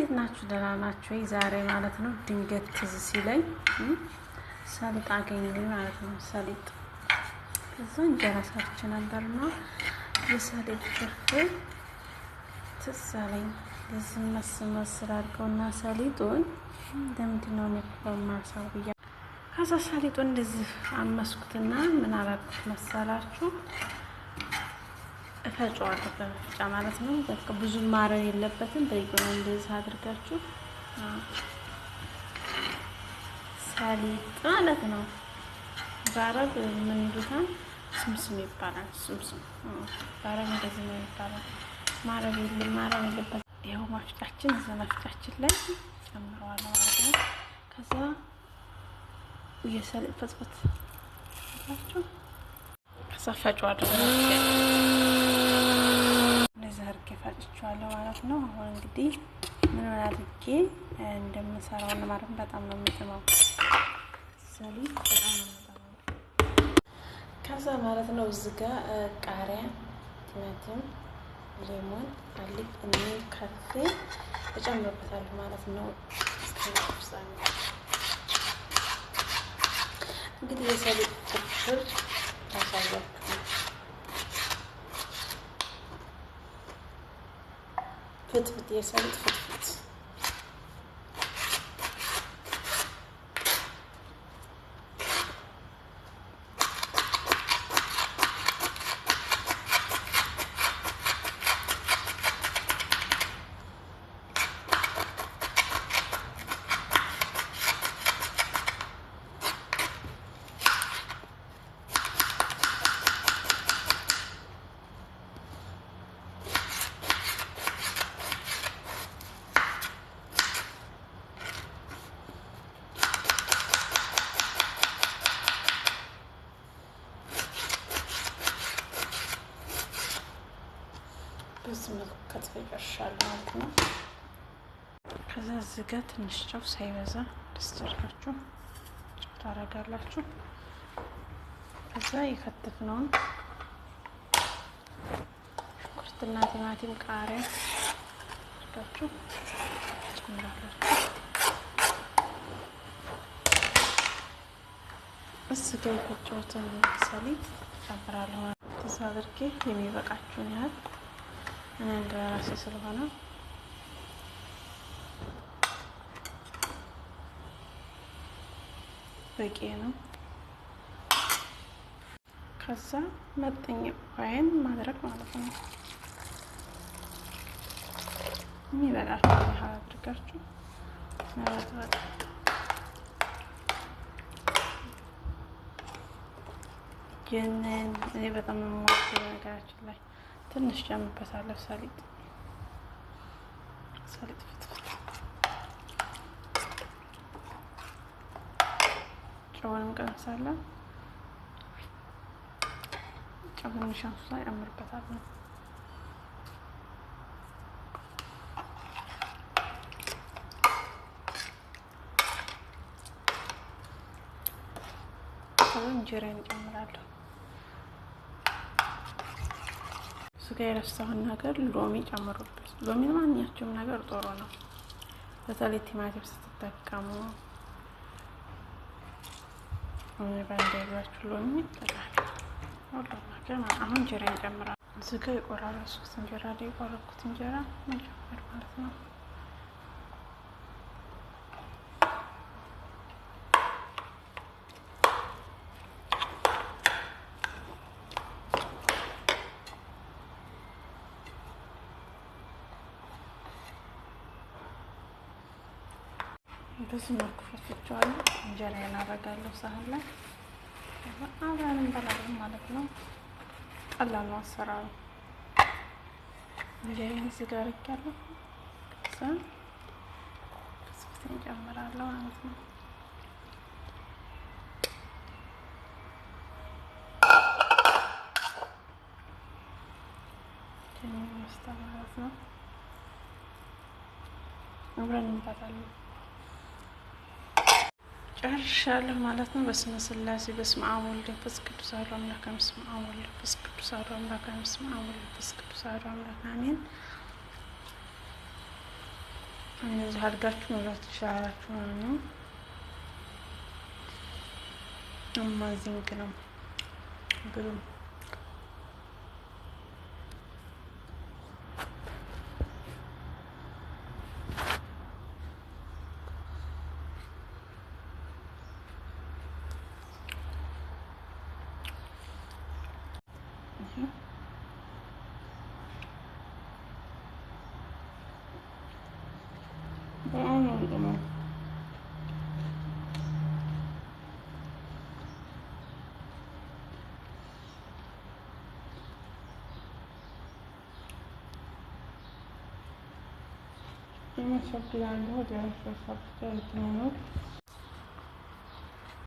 እንዴት ናችሁ? ደህና ናችሁ? ዛሬ ማለት ነው ድንገት ትዝ ሲለኝ ሰሊጥ አገኘኝ ማለት ነው። ሰሊጥ ከዛ እንጀራ ሰርች ነበር ነበርና የሰሊጥ ፍርፍር ትዝ አለኝ። ለዚህ መስመስር አድርገውና ሰሊጡን ለምንድን ነው ማርሳው ብያ ከዛ ሰሊጡን እንደዚህ አመስኩትና ምን አላልኩት መሰላችሁ እፈጫዋለሁ በመፍጫ ማለት ነው። በቃ ብዙ ማረር የለበትም። በየጎና እንደዚህ አድርጋችሁ ሰሊጥ ማለት ነው። በአረብ ምን ይሉታል? ስምስም ይባላል። ስምስም በአረብ እንደዚህ ነው ይባላል። ማረር የለም፣ ማረር የለበትም። ይኸው መፍጫችን እዛ መፍጫችን ላይ ጨምረዋለሁ ማለት ነው። ከዛ የሰሊጥ ፈጽፈት ላችሁ ከዛ ፈጫዋለሁ አድርጌ ፈጭቼዋለሁ ማለት ነው። አሁን እንግዲህ ምን ምን አድርጌ እንደምሰራው ለማድረግ በጣም ነው የሚጥመው ሰሊጥ በጣም ነው ከዛ ማለት ነው እዚህ ጋ ቃሪያ፣ ቲማቲም፣ ሌሞን አልቅ እኔ ካፌ እጨምርበታለሁ ማለት ነው። እንግዲህ የሰሊጥ ፍርፍር ታሳያችሁ Fitbit het goed. በዚህ መልኩ ከትፈ ማለት ነው። ከዛ እዚህ ጋር ትንሽ ጨው ሳይበዛ ደስ ጨርጋችሁ ጨው ታረጋላችሁ። ከዛ የከተፍነውን ሽንኩርትና ቲማቲም፣ ቃሪያ አድርጋችሁ ጨምራላችሁ። እዚህ ጋር የፈጨሁትን ሰሊጥ ጨምራለሁ። እዛ አድርጌ የሚበቃችሁን ያህል እንደ ራሴ ስለሆነ በቂ ነው። ከዛ መጠኝ ውሃዬን ማድረግ ማለት ነው። የሚበላችሁ ያህል አድርጋችሁ መበጥበጥ ይህንን እኔ በጣም የምወደው ነገራችን ላይ ትንሽ ጨምበታለሁ ሰሊጥ ሰሊጥ ፍትፍት ጨውንም ቀንሳለን። ጨው ትንሽ አንሱሳ ጨምርበታለሁ። እንጀራ እንጨምራለሁ። እሱ ጋር የረሳሁን ነገር ሎሚ ጨምሩበት። ሎሚ ማንኛቸውም ነገር ጥሩ ነው። በተለይ ቲማቲም ስትጠቀሙ በአንድ ያዛችሁ ሎሚ ይጠቃል። ሁሉም ነገር አሁን እንጀራ ይጨምራል። እዚህ ጋር የቆራረሱት እንጀራ ላይ የቆረኩት እንጀራ መጨመር ማለት ነው። በዚህ መልኩ ፈትቼዋለሁ። እንጀራ ያናረጋለሁ ሳህን ላይ አብረን እንበላለን ማለት ነው። ቀላል ነው አሰራሩ። እንጀራን እዚህ ጋር አድርጌያለሁ። ስብስን እንጨምራለሁ ማለት ነው። ማለት ነው አብረን እንበላለን። ጨርሻለሁ ማለት ነው። በስመ ስላሴ በስመ አብ ወወልድ ወመንፈስ ቅዱስ አሐዱ አምላክ አሜን። በስመ አብ ወወልድ ወመንፈስ ቅዱስ አሐዱ አምላክ አሜን። በስመ አብ ወወልድ ወመንፈስ ቅዱስ አሐዱ አምላክ አሜን። እነዚህ አድጋችሁ መብላት ትችላላችሁ ማለት ነው። እማዚንግ ነው ብሉ። bakayım. Ben rengini. Yine çok güzel bir hoca ve şapka eğitimini